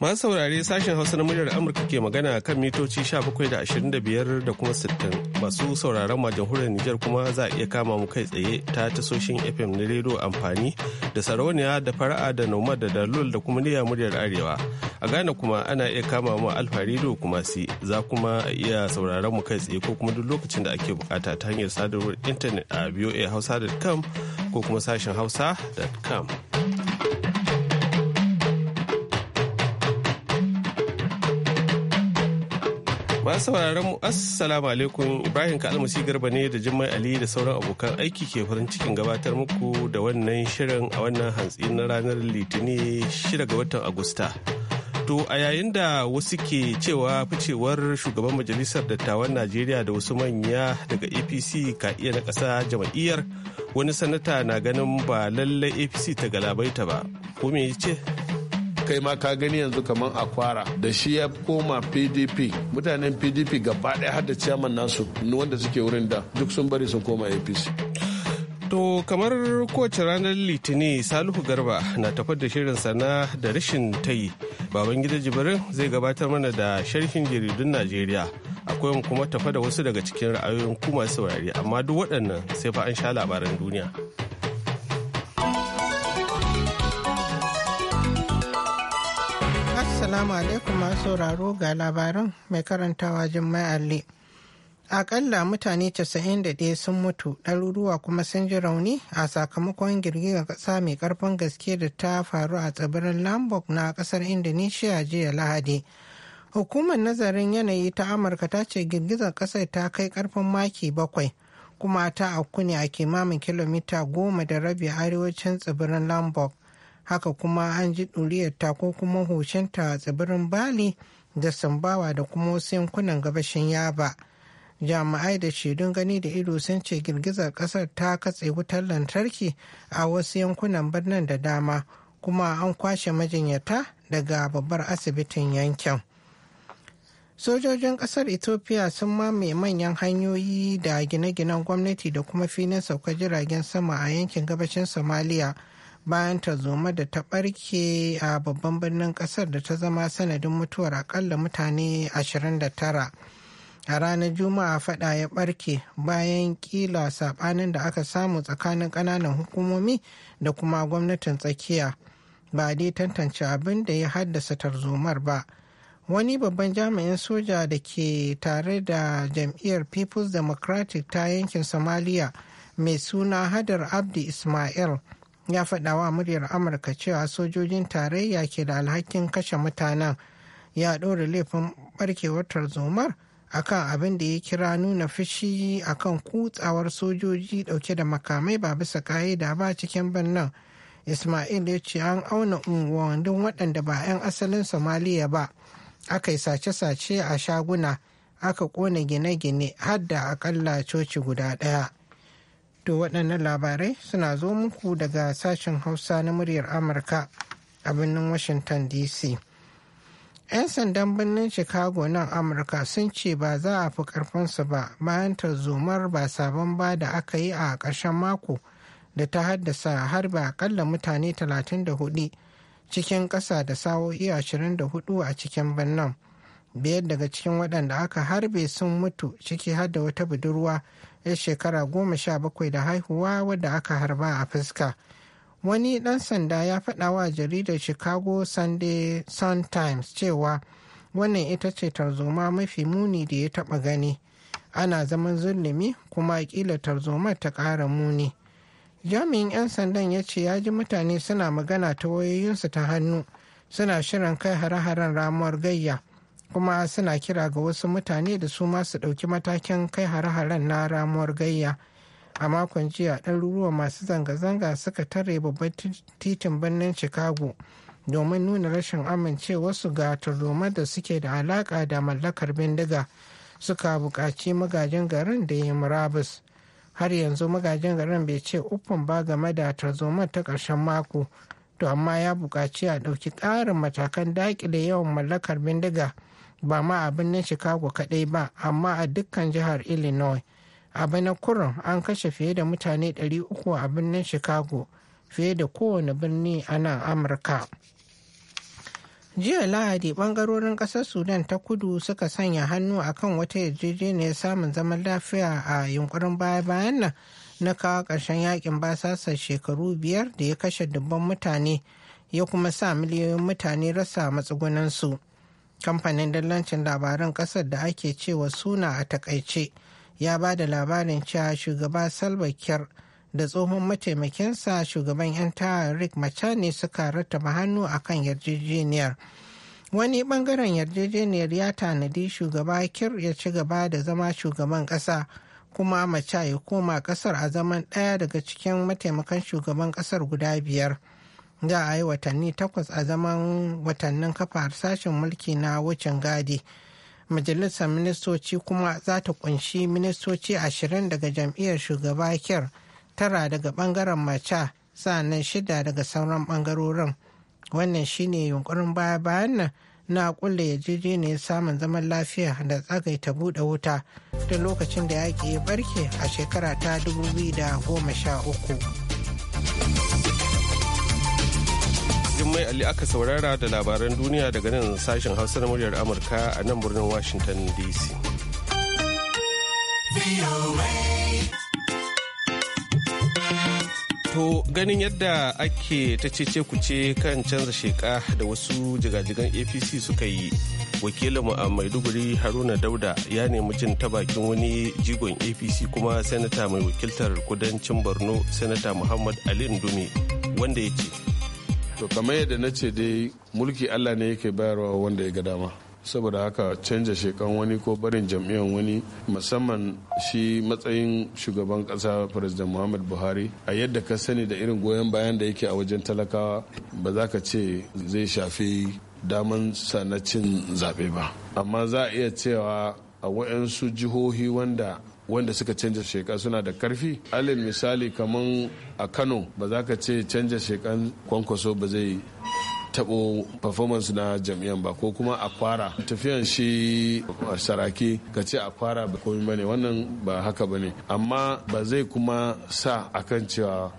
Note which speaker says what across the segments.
Speaker 1: Masu saurare sashen Hausa na muryar Amurka ke magana kan mitoci 17.25 da kuma 60 masu sauraron ma jamhuriyar Nijar kuma za a iya kama mu kai tsaye ta tasoshin FM na rediyo amfani da sarauniya da fara'a da noma da dalol da kuma niyya muryar Arewa. A Ghana kuma ana iya kama mu alfa rediyo kuma si za kuma iya sauraron mu kai tsaye ko kuma duk lokacin da ake bukata ta hanyar sadarwar intanet a voahausa.com ko kuma sashen hausa.com. Masu sauraron mu assalamu alaikum Ibrahim Kalmasi Garba ne da Jummai Ali da sauran abokan aiki ke farin cikin gabatar muku da wannan shirin a wannan hantsi na ranar litini 6 ga watan Agusta. To a yayin da wasu ke cewa ficewar shugaban majalisar dattawan Najeriya da wasu manya daga APC ka iya na ƙasa jam'iyyar wani sanata na ganin ba lallai APC ta galabaita ba. Ko me ce?
Speaker 2: kai ma ka gani yanzu kamar akwara da shi ya koma pdp mutanen pdp gaba ɗaya har da ciyaman nasu wanda suke wurin da duk sun bari sun koma apc
Speaker 1: To kamar kowace ranar litinin Salihu Garba na tafar da shirin sana da rashin tayi. Baban gida jibirin zai gabatar mana da sharhin jaridun Najeriya. Akwai kuma tafa da wasu daga cikin ra'ayoyin kuma saurari amma duk waɗannan sai fa an sha labaran duniya.
Speaker 3: Assalamu alaikum masu sauraro ga labaran mai karantawa Jummai Alli. Akalla mutane 91 sun mutu, ɗaruruwa kuma sun ji rauni a sakamakon girgizar ƙasa mai ƙarfin gaske da ta faru a tsibirin Lombok na ƙasar Indonesia jiya Lahadi. Hukumar nazarin yanayi ta Amurka ta ce girgizar ƙasar ta kai ƙarfin maki bakwai, kuma ta auku ne a kimamin kilomita goma da rabi arewacin tsibirin Lombok. haka kuma an ji ɗuriyarta ko kuma hoshinta a tsibirin bali da sambawa da kuma wasu yankunan gabashin yaba jami'ai da shaidun gani da ido sun ce girgizar kasar ta katse wutar lantarki a wasu yankunan birnin da dama kuma an kwashe majinyata daga babbar asibitin yankin sojojin kasar ethiopia sun mamaye manyan hanyoyi da gine-ginen gwamnati da kuma filin sauka jiragen sama a yankin gabashin somalia bayan tarzoma da ta barke a babban birnin kasar da ta zama sanadin mutuwar akalla mutane 29 a ranar juma'a fada ya barke bayan kila sabanin da aka samu tsakanin kananan hukumomi da kuma gwamnatin tsakiya ba dai tantance abin da ya haddasa tarzomar ba wani babban jami'in soja da ke tare da jam'iyyar people's democratic ta yankin somalia mai suna hadar abdi ismail ya faɗa wa muryar amurka cewa sojojin tarayya ke da alhakin kashe mutanen ya ɗora laifin barkewar tarzomar akan abin da ya kira nuna fushi akan kutsawar sojoji ɗauke da makamai ba bisa ka'ida ba cikin birnin ismail ya ce an auna unguwannin waɗanda ba 'yan asalin somaliya ba aka yi sace-sace a shaguna aka ƙona gine-gine hadda da akalla coci guda ɗaya To waɗannan labarai suna zo muku daga sashen Hausa na muryar Amurka a birnin Washington DC. 'Yan sandan birnin Chicago nan Amurka sun ce ba za a fi ƙarfinsu ba bayan tarzomar ba sabon ba da aka yi a ƙarshen mako da ta haddasa harba akalla mutane 34 cikin ƙasa da sawo'i 24 a cikin birnin. biyar daga cikin waɗanda aka harbe sun mutu ciki har da wata budurwa ya shekara goma sha bakwai da haihuwa wadda aka harba a fuska wani 'dan sanda ya faɗa wa jaridar chicago sunday sun times cewa wannan ita ce tarzoma mafi muni da ya taɓa gani ana zaman zulumi kuma kila tarzomar ta ƙara muni jami'in 'yan sandan ya ce ya ji mutane suna magana ta wayoyinsu ta hannu suna shirin kai hare-haren ramuwar gayya kuma suna kira ga wasu mutane da su masu su ɗauki matakin kai hare-haren na ramuwar gayya a makon jiya ɗaruruwa masu zanga-zanga suka tare babban titin birnin chicago domin nuna rashin amincewarsu ga tarzoma da suke da alaƙa da mallakar bindiga suka buƙaci magajin garin da ya murabus har yanzu magajin garin bai ce uffin ba game da tarzoma ta ƙarshen mako to amma ya bukaci a ɗauki ƙarin matakan daƙile yawan mallakar bindiga ba ma a birnin chicago kaɗai ba amma a dukkan jihar illinois a bana kurum an kashe fiye da mutane 300 a birnin chicago fiye da kowane birni a nan amurka jiya lahadi bangarorin ƙasar sudan ta kudu suka sanya hannu a kan wata yarjejeniyar samun zaman lafiya a yunkurin baya-bayan nan na kawo ƙarshen yakin basasa shekaru biyar da ya kashe dubban mutane ya kuma sa miliyoyin mutane rasa matsugunansu kamfanin dallancin labaran kasar da ake cewa suna a takaice ya ba da labarin cewa shugaba salva kiir da tsohon mataimakinsa shugaban 'yan tawar rick ne suka rattaba hannu a kan yarjejeniyar wani bangaren yarjejeniyar ya tanadi shugaba kir ya ci gaba da zama shugaban kasa kuma mace ya koma kasar a zaman ɗaya daga cikin mataimakan shugaban kasar guda biyar. za a yi watanni takwas a zaman watannin kafa sashen mulki na wucin gadi majalisar ministoci kuma za ta kunshi ministoci ashirin daga jam'iyyar shugaba kyar tara daga bangaren maca sa'annan shida daga sauran bangarorin wannan shine yunkurin baya bayan nan na kulle ne samun zaman lafiya da tsagaita buɗe wuta da lokacin da yaƙi ya barke a shekara ta 2013
Speaker 1: Jummai Ali aka saurara da labaran duniya daga nan sashen Hausa na muryar Amurka a nan birnin Washington DC. To ganin yadda ake ta cece kuce kan canza sheka da wasu jigajigan APC suka yi. Wakilinmu a Maiduguri Haruna Dauda ya nemi jin ta bakin wani jigon APC kuma Sanata mai wakiltar kudancin
Speaker 2: Borno Sanata Muhammad Ali Ndumi wanda ya ce. to kamar yadda na ce dai mulki allah ne yake bayarwa wanda ya ga dama saboda haka canza shekan wani ko barin jam'iyyar wani musamman shi matsayin shugaban kasa president muhammad buhari a yadda ka sani da irin goyon bayan da yake a wajen talakawa ba za ka ce zai shafi daman sanacin zaɓe ba amma za a iya cewa a waɗansu jihohi wanda wanda suka canja sheka suna da karfi alin misali kamar a kano ba za ka ce canja shekan kwankwaso ba zai tabo performance na jam'iyyar ba ko kuma a kwara tafiyan shi saraki ka ce a kwara ba komai bane wannan ba haka bane amma ba zai kuma sa akan cewa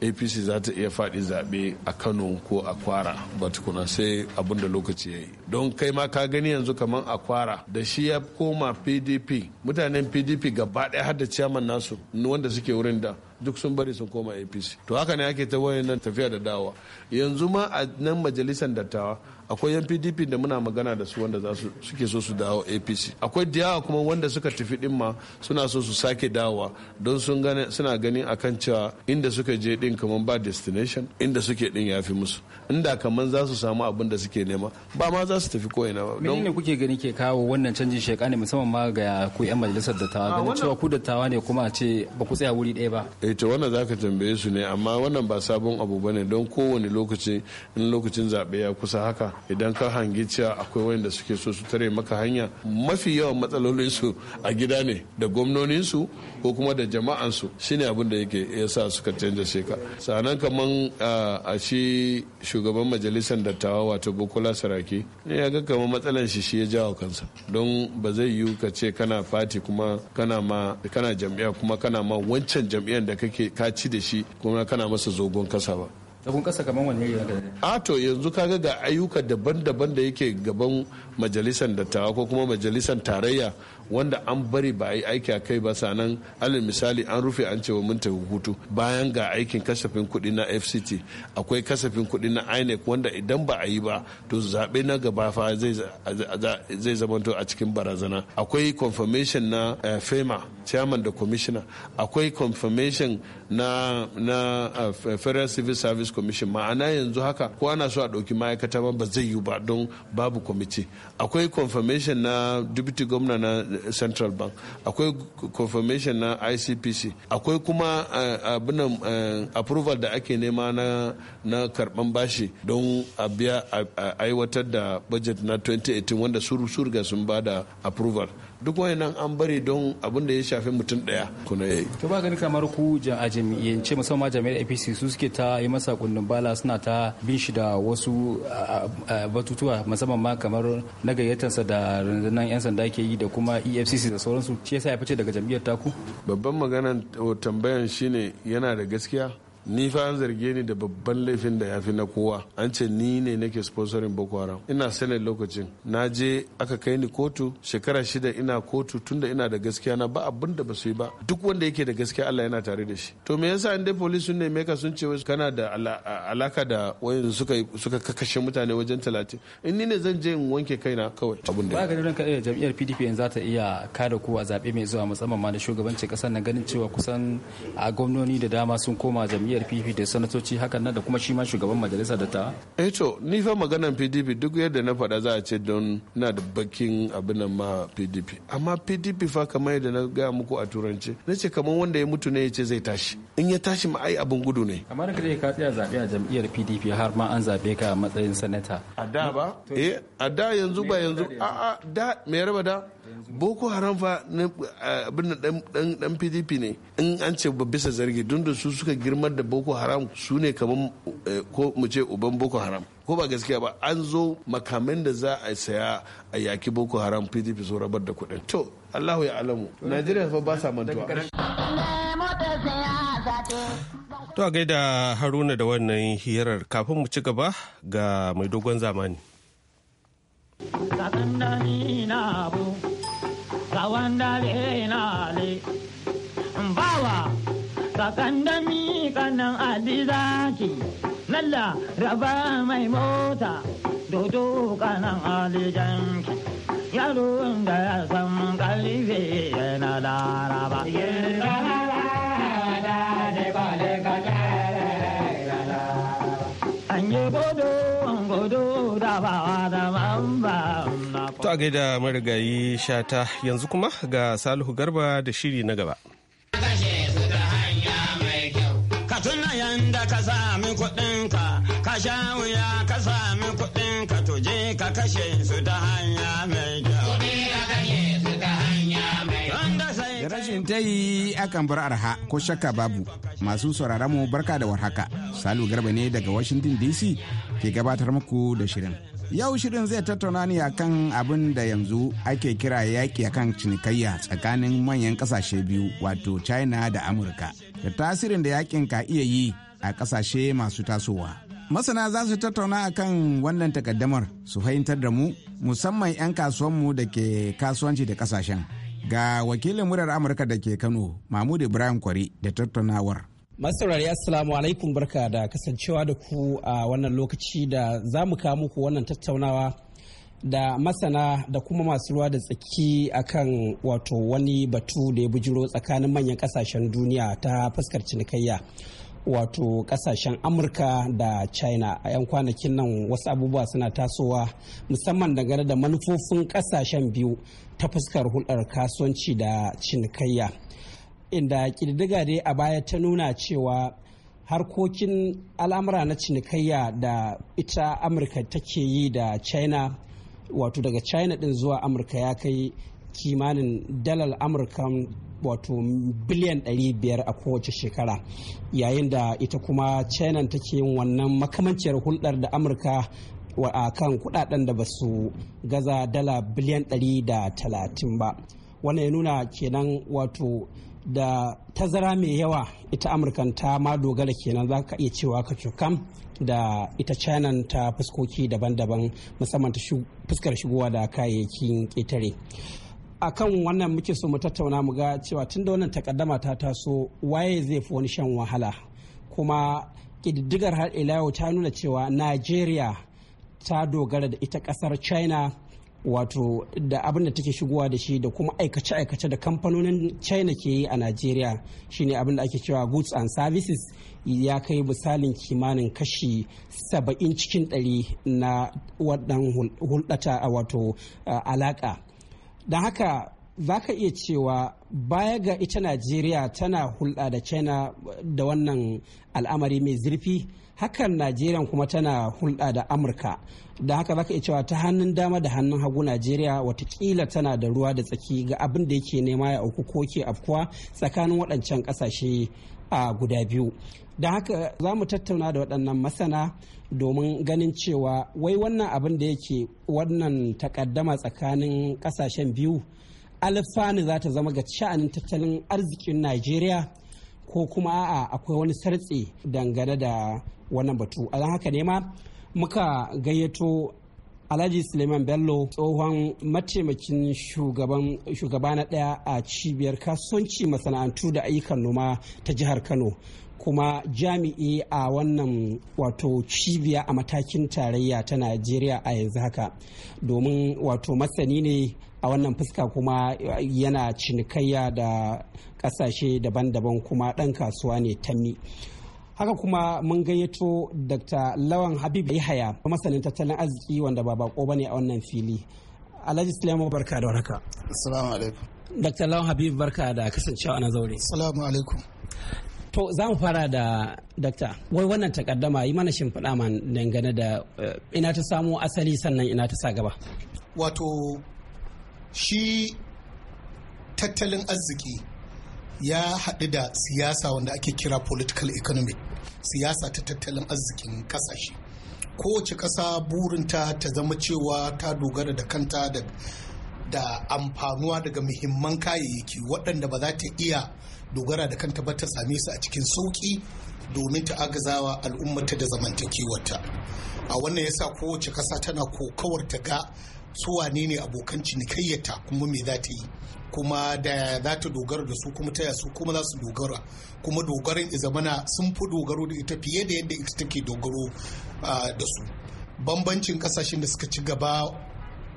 Speaker 2: apc za ta iya faɗi zaɓe a kano ko a kwara ba tukuna sai abin da lokaci ya yi don kai ma ka gani yanzu kamar a kwara da shi ya koma pdp mutanen pdp gaba ɗaya har da ciyaman nasu wanda suke wurin da duk sun bari sun koma apc to haka ne ake ta wayan nan tafiya da dawa yanzu ma a nan majalisar dattawa akwai yan pdp da muna magana da su wanda suke so su dawo apc akwai da yawa kuma wanda suka tafi din ma suna so su sake dawowa don sun gane suna ganin akan cewa inda suka je din kamar ba destination inda suke din ya fi musu inda kamar za su samu abin da suke nema ba ma za su tafi ko ina ba don ne
Speaker 4: kuke gani ke kawo wannan canjin sheka ne musamman ma ga ku yan majalisar tawa ganin cewa ku tawa ne kuma a ce ba ku tsaya wuri ɗaya ba
Speaker 2: eh to wannan zaka tambaye su ne amma wannan ba sabon abu bane don kowane lokaci in lokacin zabe ya kusa haka idan ka hangi cewa akwai wanda suke so su tare maka hanya mafi yawan matsalolinsu a gida ne da gwamnoninsu ko kuma da jama'ansu shine abin da yake sa suka canza sheka sanan kaman ah, a shi shugaban majalisar dattawa wato bukola saraki ne ya ga kamar matsalan shi shi ya jawo kansa don ba zai yiwu ka ce kana fati kuma kana ma kana jam'iyya kuma kana ma wancan jam'iyyar da kake ka ci da shi kuma kana masa zogon kasa ba
Speaker 4: kun kasa wani wanne da
Speaker 2: a to yanzu kaga ga ayyuka daban-daban da yake gaban majalisar dattawa ko kuma majalisar tarayya wanda an bari ba a yi aiki a kai ba sanan alal misali an rufe an cewa mun tafi hutu bayan ga aikin kasafin kuɗi na fct akwai kasafin kuɗi na inec wanda idan ba a yi ba to zaɓe na gaba fa zai zamanto a cikin barazana akwai confirmation na eh, fema chairman da commissioner akwai confirmation na na eh, federal civil service commission ma'ana yanzu haka ko ana so a ɗauki ma'aikata ba zai yi ba don babu kwamiti akwai confirmation na deputy gwamna na central bank akwai confirmation na icpc akwai kuma eh, abinan eh, approval da ake nema na na karban bashi don a biya aiwatar da budget na 2018 wanda su riga sun ba da approval duk nan an bari don abin da ya shafi mutum daya kuna yayi
Speaker 4: to ba gani kamar ku a jami'ance musamman jami'ar APC su suke ta yi masa kundin bala suna ta bin shi da wasu batutuwa musamman ma kamar na gayyatarsa da rundunar yan sanda ke yi da kuma
Speaker 2: EFCC da sauransu shi yasa ya fice daga jami'ar taku babban maganan tambayan shine yana da gaskiya ni fa an zarge ni da babban laifin da ya fi na kowa an ce ni ne nake sponsorin boko haram ina sanin lokacin na je aka kai ni kotu shekara shida ina kotu tunda ina da gaskiya na ba abin da ba su yi ba duk wanda yake da gaskiya Allah yana tare da shi to me yasa inda police sun ne ka sun ce kana da alaka da wayan suka suka kakashe mutane wajen talatin in ni ne zan je in wanke kaina kawai abin da ba
Speaker 4: ga ranka iya jam'iyyar PDP yanzu za ta iya kada ku a zabe mai zuwa musamman ma da shugabancin kasar na ganin cewa kusan a gwamnoni da dama sun koma jam'iyyar jam'iyyar pdp da sanatoci hakan nan da kuma shi ma shugaban majalisa da ta
Speaker 2: eh to ni fa maganan pdp duk yadda na faɗa za a ce don na da bakin abin nan ma pdp amma pdp fa kamar yadda na gaya muku a turanci. na ce kamar wanda ya mutu ne ya ce zai tashi in ya tashi ma ai abin gudu ne
Speaker 4: ka da ka tsaya zaɓe a jam'iyyar pdp har ma an zaɓe ka a matsayin sanata
Speaker 2: a da ba eh a da yanzu ba yanzu a a da me raba da boko haram fa eh, abin dan pdp ne in an ce ba bisa zargi dundun su suka girmar da boko haram su ne kamar eh, ko mu ce uban boko haram ko ba gaskiya ba an zo makamin da za a saya a yaki boko haram pdp so rabar da kuɗin to allahu ya alamu najeriya fa ba sa mantuwa
Speaker 1: to a gaida haruna da wannan hirar kafin mu ci gaba ga mai dogon zamani
Speaker 5: Bawa kakandami kanan alizaki lalla raba mai mota dodo kanan alijanki yaron da ya san karfe yana laraba
Speaker 1: To a gaida marigayi shata yanzu kuma ga Salihu Garba da shiri na gaba.
Speaker 5: inda ka sami kuɗinka ka sha wuya ka sami kuɗinka to je ka kashe su ta hanya mai kyau da rashin ta yi akan bar arha ko shakka babu masu sauraron mu barka da warhaka salu garba ne daga washington dc ke gabatar muku da shirin yau shirin zai tattauna ne akan abin da yanzu ake kira yaki akan cinikayya tsakanin manyan ƙasashe biyu wato china da amurka da tasirin da yakin ka iya yi a ƙasashe masu tasowa. Masana za su tattauna a kan wannan takaddamar su fahimtar da mu musamman 'yan kasuwanmu da ke kasuwanci da ƙasashen. Ga wakilin murar Amurka da ke Kano, Mahmud Ibrahim Kwari da tattaunawar.
Speaker 6: Masaurari Assalamu alaikum barka da kasancewa da ku a wannan lokaci da za mu kawo muku wannan tattaunawa da masana da kuma masu ruwa da tsaki akan wato wani batu da ya bujiro tsakanin manyan kasashen duniya ta fuskar cinikayya wato kasashen amurka da china a 'yan kwanakin nan wasu abubuwa suna tasowa musamman dangane da manufofin kasashen biyu ta fuskar hulɗar kasuwanci da cinikayya inda ƙididdiga dai a baya ta nuna cewa harkokin al'amura na cinikayya da ita amurka take yi da china wato daga china din zuwa amurka ya kai kimanin dalar amurka wato biliyan 500 a kowace shekara yayin da ita kuma china take yin wannan makamanciyar hulɗar da amurka a kan kudaden da ba su gaza dala biliyan 130 ba wannan ya nuna kenan wato da tazara mai yawa ita amurkan ta ma dogara kenan za ka iya cewa ka cukam da ita china ta fuskoki daban-daban musamman ta fuskar shigowa da kayayyakin ƙetare. akan wannan muke so mu tattauna mu ga cewa tun da wannan takaddama ta taso waye zai fi wani shan wahala kuma ƙididdigar har ila ta nuna cewa najeriya ta dogara da ita ƙasar china wato da abin da take shigowa da shi da kuma aikace-aikace da kamfanonin china ke yi a najeriya shine abin da ake cewa goods and services ya kai misalin kimanin kashi 70 cikin 100 na waɗannan hulɗata a wato alaka da haka za ka iya cewa baya ga ita najeriya tana hulɗa da china da wannan al'amari mai zurfi hakan najeriya kuma tana hulɗa da amurka da haka za ka iya cewa ta hannun dama da hannun hagu najeriya watakila tana da ruwa da tsaki ga abin da yake nema ya auku ko ke afkuwa tsakanin waɗancan ƙasashe a guda biyu da haka za mu tattauna da waɗannan masana domin ganin cewa wai wannan abin da yake wannan takaddama tsakanin ƙasashen biyu alfani za ta zama ga sha'anin tattalin arzikin najeriya ko kuma a'a akwai wani sartse dangane da wannan batu a haka ne ma muka gayyato alhaji suleiman bello tsohon mataimakin shugaba na ɗaya a cibiyar kasuwanci masana'antu da ayyukan noma ta jihar kano kuma jami'i a wannan wato cibiya a matakin tarayya ta najeriya a yanzu haka domin wato masani ne a wannan fuska kuma yana cinikayya da kasashe daban-daban kuma ɗan kasuwa ne tammi haka kuma mun gayyato dr lawan habib yahaya masanin tattalin arziki wanda ba bako ba ne a wannan fili alhaji sulaiman barka da warhaka assalamu alaikum dr lawan habib barka da kasancewa na zaure assalamu alaikum To za mu fara da dakta. Wai wannan takaddama yi mana shimfiɗa man dangane da eh, ina ta samo asali sannan ina ta sa gaba.
Speaker 7: Wato shi tattalin arziki ya haɗu da siyasa wanda ake kira political economy siyasa ta tattalin arzikin ƙasashe. Kowace ƙasa burinta ta zama cewa ta dogara da kanta da amfanuwa daga muhimman kayayyaki waɗanda ba za ta iya dogara da kanta ba ta same su a cikin sauki domin ta agazawa al'ummata da zamantakewarta a wannan ya sa kowace ƙasa tana kokawar ta ga su ne ne abokan cinikayyata kuma me za ta yi kuma da za ta dogara da su kuma taya su kuma za su dogara kuma dogarin izamana sun fi dogaro da ita fiye da yadda ita take dogaro da su bambancin kasashen da suka ci gaba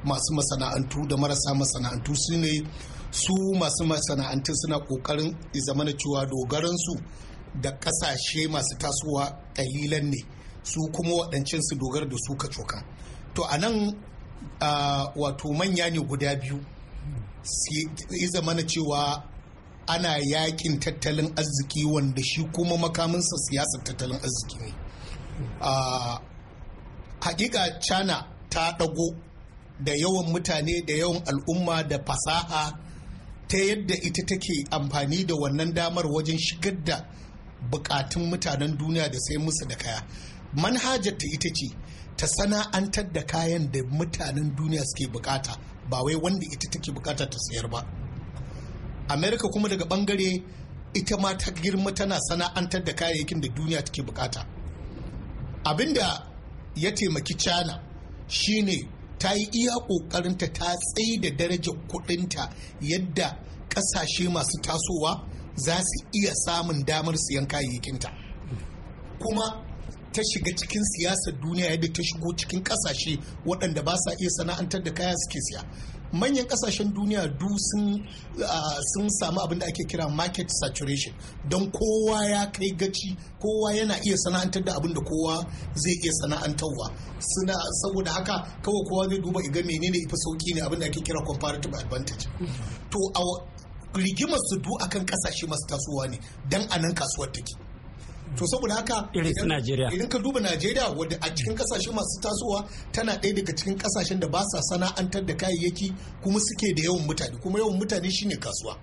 Speaker 7: masu masana'antu da marasa masana'antu su ne su masu masana'antun suna kokarin zamana cewa dogaransu da kasashe masu tasowa kalilan ne su kuma waɗancin su dogara da su coka to a nan wato manya ne guda biyu yi zamana cewa ana yakin tattalin arziki wanda shi kuma makaminsa siyasar tattalin arziki ne hakika china ta ɗago da yawan mutane da yawan al'umma da fasaha ta yadda ita take amfani da wannan damar wajen shigar da bukatun mutanen duniya da sai musu da kaya manhajar ta ita ce ta sana'antar da kayan da mutanen duniya suke bukata ba wai wanda ita take bukata ta sayar ba america kuma daga bangare ita ma ta girma tana sana'antar da kayayyakin da duniya take bukata abinda ya taimaki china shine ta yi iya ƙoƙarinta ta tsaye da darajar kuɗinta yadda ƙasashe masu tasowa za su iya samun damar siyan kayayyakinta kuma ta shiga cikin siyasar duniya yadda ta shigo cikin kasashe waɗanda ba sa iya sana'antar da kaya suke siya manyan kasashen duniya du sun samu abin da ake kira market saturation don kowa ya kai gaci kowa yana iya sana'antar da abin da kowa zai iya sana'antarwa suna saboda haka kawai kowa zai duba iga menene ifa sauki ne abin da ake kira comparative advantage mm-hmm. to rigimar su du akan kasashe masu tasowa ne dan nan kasuwar take to saboda haka idan ka duba najeriya wadda a cikin kasashe masu tasowa tana ɗaya daga cikin kasashen da ba sa sana'antar da kayayyaki kuma suke da yawan mutane kuma yawan mutane shine kasuwa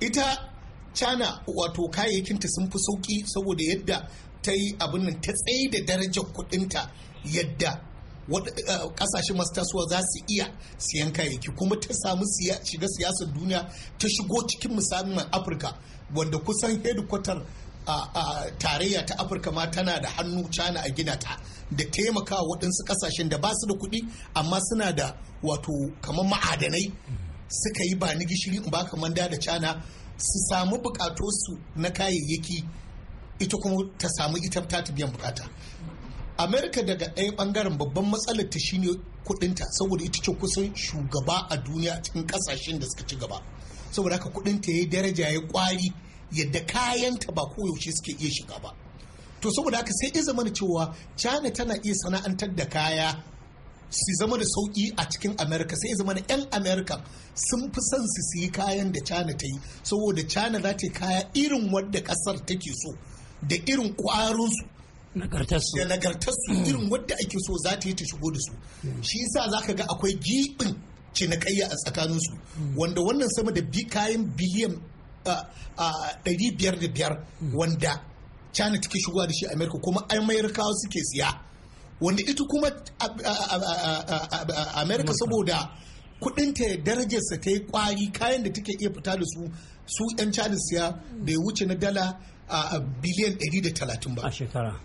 Speaker 7: ita china wato kayayyakinta sun fi sauki saboda yadda ta yi abin ta tsaye da darajar kudinta yadda kasashe eh, masu tasowa za su iya siyan kayayyaki kuma ta samu shiga siyasar duniya ta shigo cikin musamman afirka wanda kusan hedikwatar tarayya ta afirka ma tana da hannu cana a gina ta da taimaka waɗansu ƙasashen da ba su da kuɗi amma suna da wato kamar ma'adanai suka yi ba ni gishiri ba kamar da cana su samu buƙatunsu na kayayyaki ita kuma ta samu ita ta biyan buƙata. amerika daga ɗaya ɓangaren babban matsalar ta shine kuɗinta saboda ita ce kusan shugaba a duniya cikin ƙasashen da suka ci gaba saboda haka ta ya yi daraja ya yi kwari yadda kayanta ba koyaushe suke iya shiga ba to saboda haka sai ya zama cewa china tana iya sana'antar da kaya su zama da sauƙi a cikin america sai zama da 'yan america sun fi son su siyi kayan da china ta yi saboda china za ta yi kaya irin wadda ƙasar take so da irin ƙwarinsu nagartarsu da nagartarsu mm. irin wadda ake so za ta yi ta shigo da su mm. shi yasa za ka ga akwai giɓin cinikayya a tsakaninsu mm. wanda wannan sama da kayan biliyan ɗari biyar da biyar wanda china take shigowa da shi Amerika kuma amerikawa suke siya wanda ita kuma Amerika saboda kudinta ya darajarsa ta yi kwari kayan da take iya fita da su su 'yan china siya da ya wuce na dala a biliyan 130 ba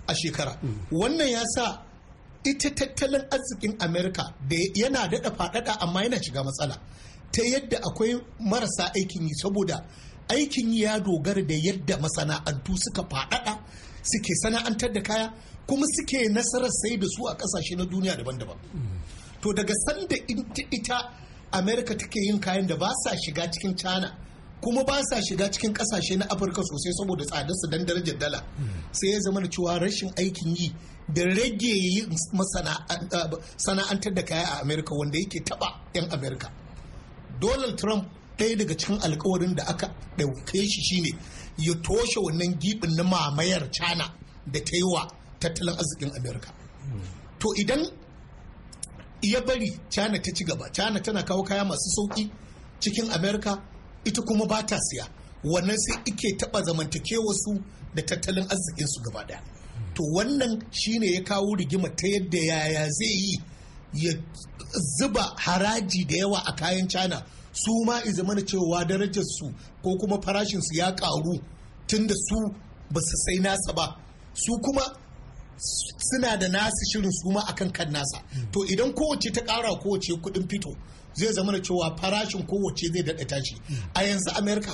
Speaker 7: a shekara mm. wannan ya sa ita tattalin arzikin Amerika da yana daɗa faɗaɗa amma yana shiga matsala ta yadda akwai marasa aikin yi saboda aikin ya dogara da yadda masana'antu suka faɗaɗa suke sana'antar da kaya kuma suke nasarar sai da su a ƙasashe na duniya daban-daban to daga sanda ita america take yin kayan da ba sa shiga cikin china kuma ba sa shiga cikin ƙasashe na afirka sosai saboda tsadarsa don darajar dala sai ya zama da cewa rashin aikin yi da rage yi sana'antar da kaya a amerika wanda yake taba 'yan amerika donald trump ɗaya daga cikin alkawarin da aka ɗauke shi shine ya toshe wannan gibin na mamayar cana da ta yi wa tattalin arzikin amurka to idan ya bari cana ta ci gaba cana tana kawo kaya masu sauki cikin amurka ita kuma ba ta siya wannan sai ike taɓa zamantakewarsu da tattalin arzikin su gaba daya to wannan shine ya kawo rigima ta yadda yaya zai yi ya zuba haraji da yawa a kayan cana su ma i cewa darajar su ko kuma farashin su ya karu tunda su ba su sai nasa ba su kuma suna da nasu shirin su ma akan kan nasa to idan kowace ta kara kowace kudin fito zai zama na cewa farashin kowace zai daɗa tashi a yanzu amerika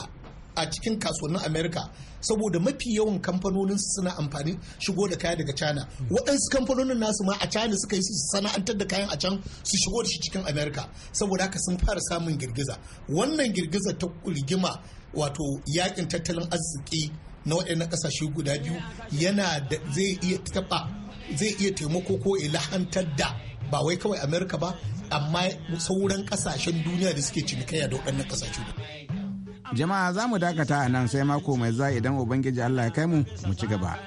Speaker 7: a cikin kasuwannin america saboda mafi yawan kamfanonin suna amfani shigo da kaya daga china waɗansu kamfanonin nasu ma a china suka yi su sana'antar da kayan a can su shigo da shi cikin america saboda haka sun fara samun girgiza wannan girgiza ta rigima wato yakin tattalin arziki na waɗannan ƙasashe guda biyu yana da zai iya taɓa zai iya taimako ko ilahantar da ba wai kawai amerika ba amma sauran ƙasashen duniya da suke cinikayya da waɗannan ƙasashe
Speaker 5: jama'a za mu dakata a nan sai mako mai za idan ubangiji allah ya kai mu mu ci gaba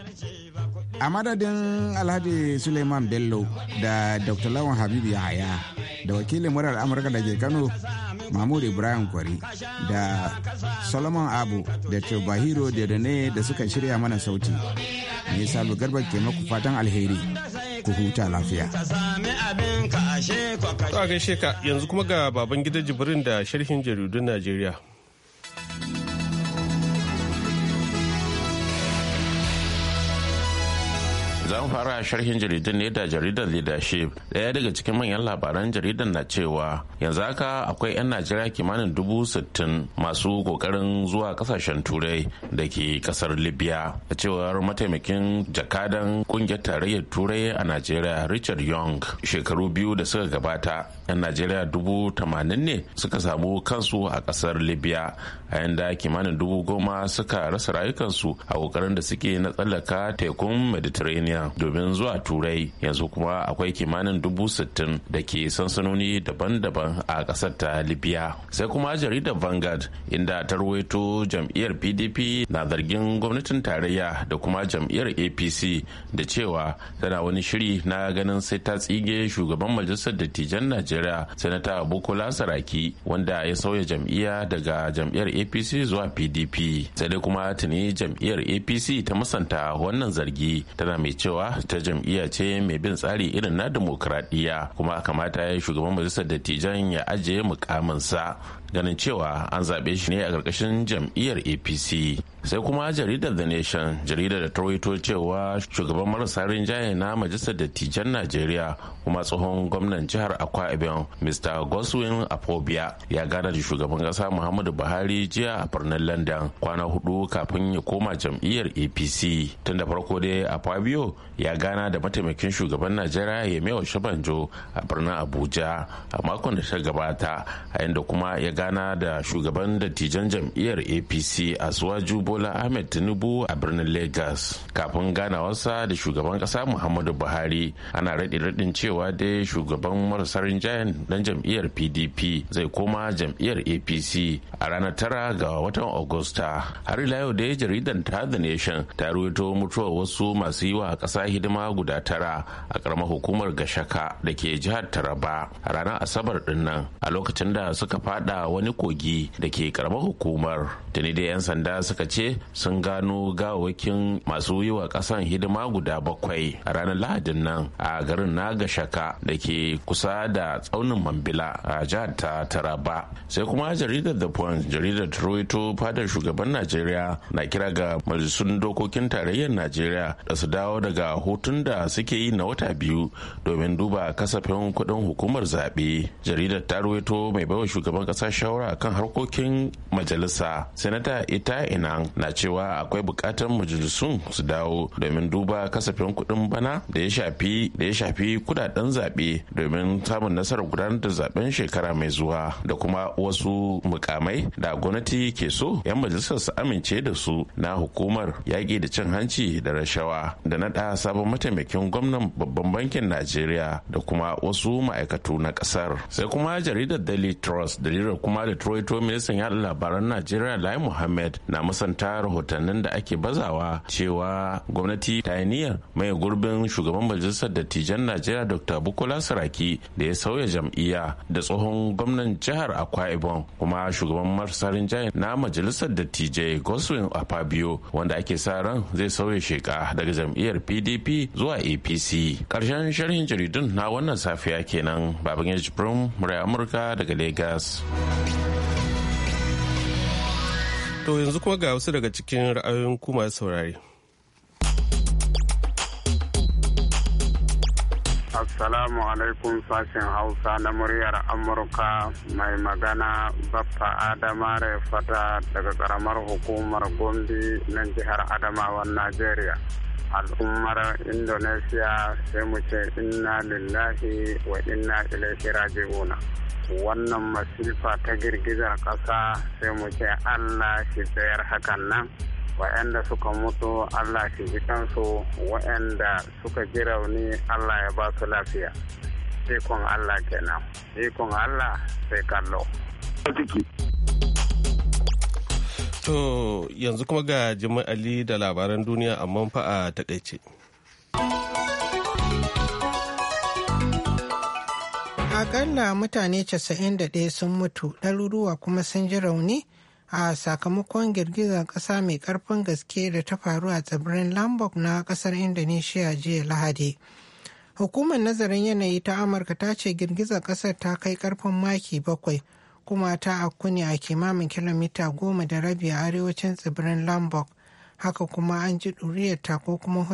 Speaker 5: a madadin alhaji suleiman bello da dr lawan habibu yahaya da wakilin murar amurka da ke kano mahmud ibrahim kwari da solomon abu da tobahiro da dane da suka shirya mana sauti ne salu garba ke maku fatan alheri ku huta lafiya
Speaker 1: ka yanzu kuma ga baban gidan jibrin da sharhin jaridun najeriya
Speaker 8: za mu fara sharhin jaridun ne da jaridar leadership daya daga cikin manyan labaran jaridar na cewa yanzu haka akwai 'yan najeriya kimanin dubu sittin masu kokarin zuwa kasashen turai da ke kasar libya a cewar mataimakin jakadan kungiyar tarayyar turai a najeriya richard young shekaru biyu da suka gabata 'yan najeriya dubu tamanin ne suka samu kansu a kasar libya a yanda kimanin dubu goma suka rasa rayukansu a kokarin da suke na tsallaka tekun mediterranean domin zuwa turai yanzu kuma akwai kimanin dubu sittin da ke sansanoni daban-daban a kasar ta libya sai kuma jaridar vanguard inda ta ruwaito jam'iyyar pdp na zargin gwamnatin tarayya da kuma jam'iyyar apc da cewa tana wani shiri na ganin sai ta tsige shugaban majalisar dattijan najeriya najeriya sanata bukola saraki wanda ya sauya jam'iyya daga jam'iyyar apc zuwa pdp sai dai kuma tuni jam'iyyar apc ta musanta wannan zargi tana mai cewa ta jam'iyya ce mai bin tsari irin na dimokuraɗiyya kuma kamata ya shugaban majalisar dattijan ya ajiye mukaminsa ganin cewa an zaɓe shi ne a ƙarƙashin jam'iyyar apc sai kuma jaridar the nation jaridar da ta rawaito cewa shugaban marasa rinjaye na majalisar dattijan najeriya kuma tsohon gwamnan jihar akwa ibom mr goswin apobia ya gana da shugaban kasa muhammadu buhari jiya a birnin london kwana hudu kafin ya koma jam'iyyar apc tun da farko dai Apobio. ya gana da mataimakin shugaban najeriya ya mewa shabanjo a birnin abuja a makon da ta gabata a inda kuma ya gana da shugaban dattijan jam'iyyar apc a suwaju bola ahmed tinubu a birnin Legas. kafin ganawarsa da shugaban kasa muhammadu buhari ana raɗi raɗin cewa dai shugaban marasa rinjayen dan jam'iyyar pdp zai koma jam'iyyar apc a ranar tara ga watan agusta har ila yau dai jaridar ta the nation ta ruwaito mutuwar wasu masu yiwa wa ƙasa hidima guda tara a karamar hukumar gashaka da ke jihar taraba a ranar asabar dinnan a lokacin da suka fada wani kogi da ke karamar hukumar tuni da 'yan sanda suka ce sun gano gawakin masu yi wa kasan hidima guda bakwai a ranar lahadin nan a garin na gashaka da ke kusa da tsaunin mambila a jihar ta taraba sai kuma jaridar the point jaridar toronto fadar shugaban najeriya na kira ga majalisun dokokin tarayyar najeriya da su dawo daga hutun da suke yi na wata biyu domin duba kasafin kuɗin hukumar zaɓe jaridar ta ruwaito mai baiwa shugaban ƙasa shawara kan harkokin majalisa senata ita inan na cewa akwai buƙatar majalisun su dawo domin duba kasafin kuɗin bana da ya shafi da ya shafi kudaden zaɓe domin samun nasarar gudanar da zaɓen shekara mai zuwa da kuma wasu mukamai da gwamnati ke so 'yan majalisar su amince da su na hukumar yaƙi da cin hanci da rashawa da na ɗasa sabon mataimakin gwamnan babban bankin najeriya da kuma wasu ma'aikatu na kasar sai kuma jaridar daily trust jaridar kuma da troito ministan yada labaran najeriya lai muhammad na musanta rahotannin da ake bazawa cewa gwamnati ta niyyar mai gurbin shugaban majalisar dattijan najeriya dr bukola saraki da ya sauya jam'iyya da tsohon gwamnan jihar akwa ibom kuma shugaban marsarin jihar na majalisar dattijai goswin afabio wanda ake sa ran zai sauya sheka daga jam'iyyar pd. pdp zuwa apc karshen sharhin jaridun na wannan safiya kenan baban yaji jibrin murai amurka daga lagos
Speaker 1: to yanzu kuma ga wasu daga cikin ra'ayoyin kuma saurari.
Speaker 5: Assalamu alaikum sashen Hausa na muryar Amurka mai magana Baffa Adama Fata daga karamar hukumar Gombe na jihar Adamawan Najeriya. al'ummar indonesia sai mu ce inna lillahi wa inna ilaihi raji'un wannan masifa ta girgizar ƙasa sai mu ce allah shi tsayar hakan nan wa'anda suka mutu allah shi ji kansu suka ji rauni allah ya ba su lafiya ikon allah kenan ikon allah sai kallo
Speaker 1: To yanzu kuma ga Jimi Ali da labaran duniya amma fa a takaice.
Speaker 3: Akalla mutane 91 sun mutu, ɗaruruwa kuma sun ji rauni a sakamakon girgizar ƙasa mai ƙarfin gaske da ta faru a tsibirin Lombok na ƙasar Indonesia jiya Lahadi. Hukumar nazarin yanayi ta Amurka ta ce girgizar ƙasar ta kai ƙarfin maki bakwai. kuma ta akku ne a kimamin kilomita goma da rabi a arewacin tsibirin lombok haka kuma an ji ɗuriyarta ko kuma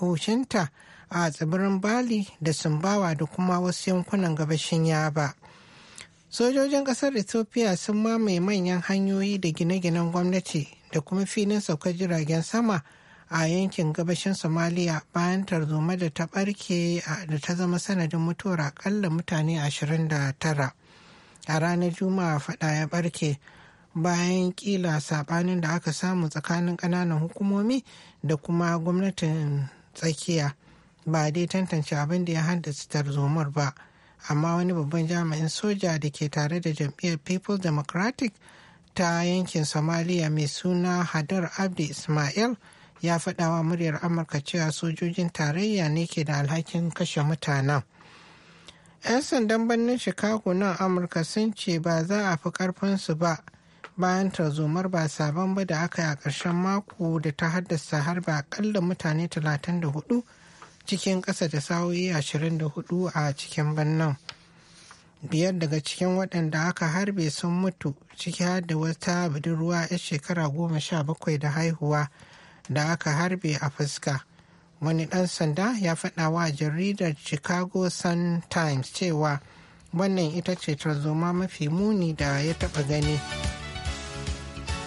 Speaker 3: hushinta a tsibirin bali da sumbawa da kuma wasu yankunan gabashin yaba sojojin ƙasar ethiopia sun mamaye manyan hanyoyi da gine-ginen gwamnati da kuma filin sauka jiragen sama a yankin gabashin somalia bayan tarzoma da ta barke da ta zama sanadin mutuwar akalla mutane 29 a ranar juma'a fada ya barke bayan kila sabanin da aka samu tsakanin kananan hukumomi da kuma gwamnatin tsakiya ba dai tantance abin da ya haddasa tarzomar ba amma wani babban jami'in soja da ke tare da jam'iyyar People democratic ta yankin somalia mai suna hadar abdi ismail ya faɗawa muryar amurka cewa sojojin tarayya ne ke da alhakin kashe mutanen 'yan sandan birnin chicago na amurka sun ce ba za a fi karfinsu ba bayan tarzomar ba sabon ba da aka yi a ƙarshen mako da ta haddasa har ba akalla mutane 34 cikin ƙasa da sa'o'i 24 a cikin birnin biyar daga cikin waɗanda aka harbe sun mutu ciki har da wata budurwa 'yar shekara goma sha bakwai da haihuwa da aka harbe a fuska wani dan sanda ya faɗa wa jaridar chicago sun times cewa wannan ita ce tarzoma mafi muni da ya taɓa gani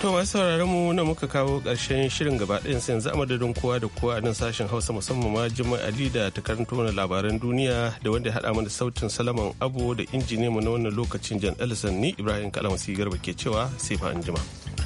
Speaker 1: to masu sauraron mu na muka kawo ƙarshen shirin gaba ɗayan sai yanzu amadadin kowa da kowa a nan sashen hausa musamman ma jimai ali da ta karanto na labaran duniya da wanda ya haɗa mana sautin salaman abu da injiniya mu na wannan lokacin jan ellison ni ibrahim kalamasi garba ke cewa sai fa anjima. jima